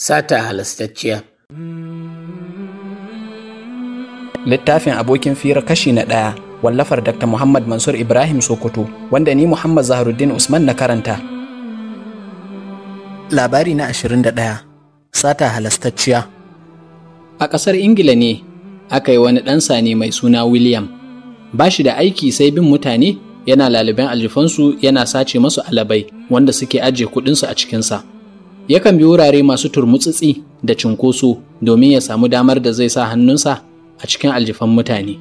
sata halastacciya. Littafin abokin fira kashi na ɗaya wallafar Dr. Muhammad Mansur Ibrahim Sokoto wanda ni Muhammad Zaharuddin Usman na karanta. Labari na ashirin da ɗaya, Sata halastacciya A ƙasar Ingila ne aka yi wani ɗan sane mai suna William. Ba shi da aiki sai bin mutane yana laliban aljifansu yana sace masu alabai wanda suke ajiye kuɗinsu a cikinsa. yakan bi wurare masu turmutsitsi da cunkoso domin ya samu damar da zai sa hannunsa a cikin aljifan mutane.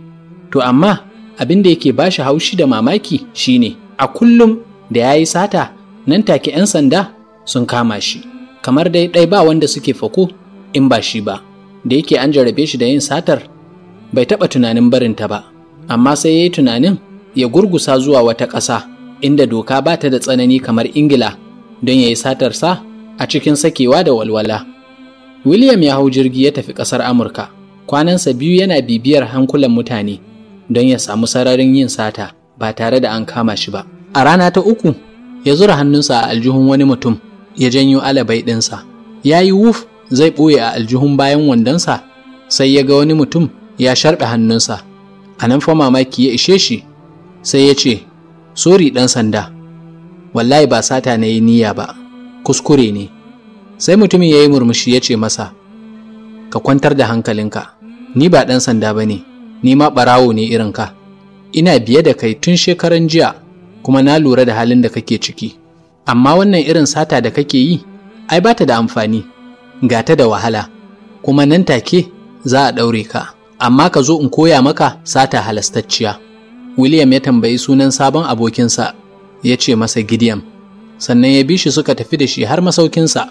To amma abin da yake bashi haushi da mamaki shine a kullum da ya yi sata nan take 'yan sanda sun kama shi kamar dai ɗai ba wanda suke fako in ba shi ba da yake an jarabe shi da yin satar bai taɓa tunanin barinta ba amma sai ya yi tunanin ya gurgusa zuwa wata ƙasa inda doka ba ta da tsanani kamar ingila don ya yi satarsa a cikin sakewa da walwala. William ya hau jirgi ya tafi ƙasar Amurka, kwanansa biyu yana bibiyar hankulan mutane don ya samu sararin yin sata ba tare da an kama shi ba. A rana ta uku, ya zura hannunsa a aljihun wani mutum ya janyo alabai ɗinsa. Ya yi wuf zai ɓoye a aljihun bayan wandonsa sai ya ga wani mutum ya sharɓe hannunsa. A nan fa mamaki ya ishe shi sai ya ce, Sori ɗan sanda, wallahi ba sata na yi niyya ba. kuskure ne sai mutumin ya yi murmushi ya ce masa ka kwantar da hankalinka ni ba ɗan sanda ba ne ni ma ɓarawo ne irin ka ina biye da kai tun shekaran jiya kuma na lura da halin da kake ciki amma wannan irin sata da kake yi ai ba ta da amfani ga ta da wahala kuma nan take za a ɗaure ka amma ka zo in koya maka sata halastacciya william ya tambayi sunan sabon abokinsa ya ce masa gideon sannan ya bi shi suka tafi da shi har masaukinsa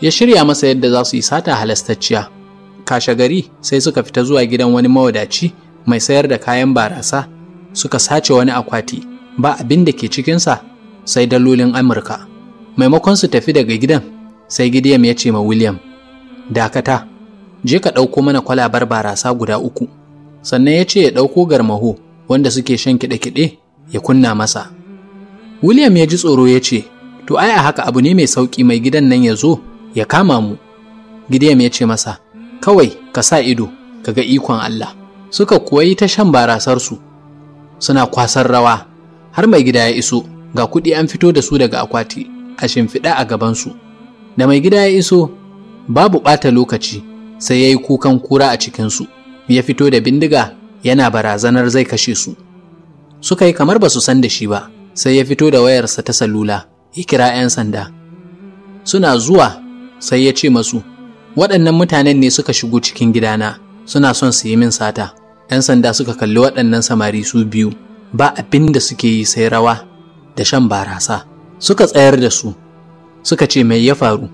ya shirya masa yadda za su yi sata halastacciya kashe gari sai suka fita zuwa gidan wani mawadaci mai sayar da kayan barasa suka sace wani akwati ba abin da ke cikinsa sai dalolin amurka maimakon su tafi daga gidan sai gideon ya ce ma william dakata je ka ɗauko mana kwalabar barasa guda uku sannan ya ce ya ɗauko garmaho wanda suke shan kiɗe-kiɗe ya kunna masa william ya ji tsoro ya ce to ai a haka abu ne mai sauƙi mai gidan nan ya zo ya kama mu Gideon ya ce masa kawai ka sa ido ka ga ikon Allah suka kuwa yi ta shan barasarsu suna kwasar rawa har mai gida ya iso ga kuɗi an fito da su daga akwati a shimfiɗa a gabansu da mai gida ya iso babu ɓata lokaci sai ya yi kukan kura a cikinsu ya fito da bindiga yana barazanar zai kashe su suka yi kamar ba su san da shi ba sai ya fito da wayarsa ta salula ya kira 'yan sanda. Suna zuwa sai ya ce masu, waɗannan mutanen ne suka shigo cikin gidana suna son su yi min sata. 'Yan sanda suka kalli waɗannan samari su biyu, ba abin da suke yi sai rawa da shan barasa. Suka tsayar da su, suka ce mai ya faru.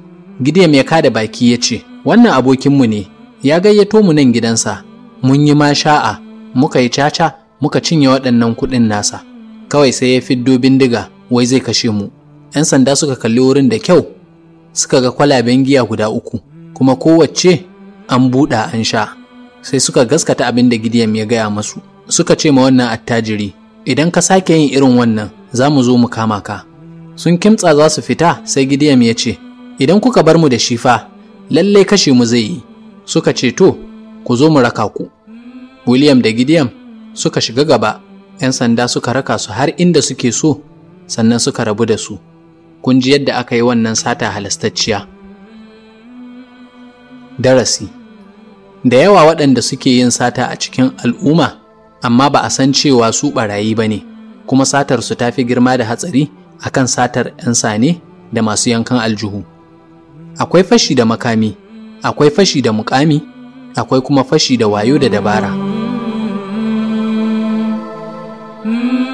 Gideon ya kada baki ya ce, wannan abokinmu ne, ya gayyato mu nan gidansa, mun yi ma sha'a, muka yi caca, muka cinye waɗannan kuɗin nasa. Kawai sai ya fiddo bindiga, wai zai kashe mu. 'yan sanda suka kalli wurin da kyau suka ga kwalaben giya guda uku kuma kowace an buɗa an sha sai suka gaskata abin da gideon ya gaya masu suka ce ma wannan attajiri idan ka sake yin irin wannan za mu zo mu kama ka sun kimtsa za su fita sai gideon ya ce idan kuka bar mu da shi fa lallai kashe mu zai yi suka ce to ku zo mu raka ku william da gideon suka shiga gaba 'yan sanda suka raka su har inda suke so sannan suka rabu da su kun ji yadda aka yi wannan sata halastacciya darasi da yawa waɗanda suke yin sata a cikin al'umma amma ba a san cewa su ɓarayi ba ne kuma satar su ta fi girma da hatsari a kan satar 'yan sane da masu yankan aljihu akwai fashi da makami akwai fashi da mukami akwai kuma fashi da wayo da dabara. Mm.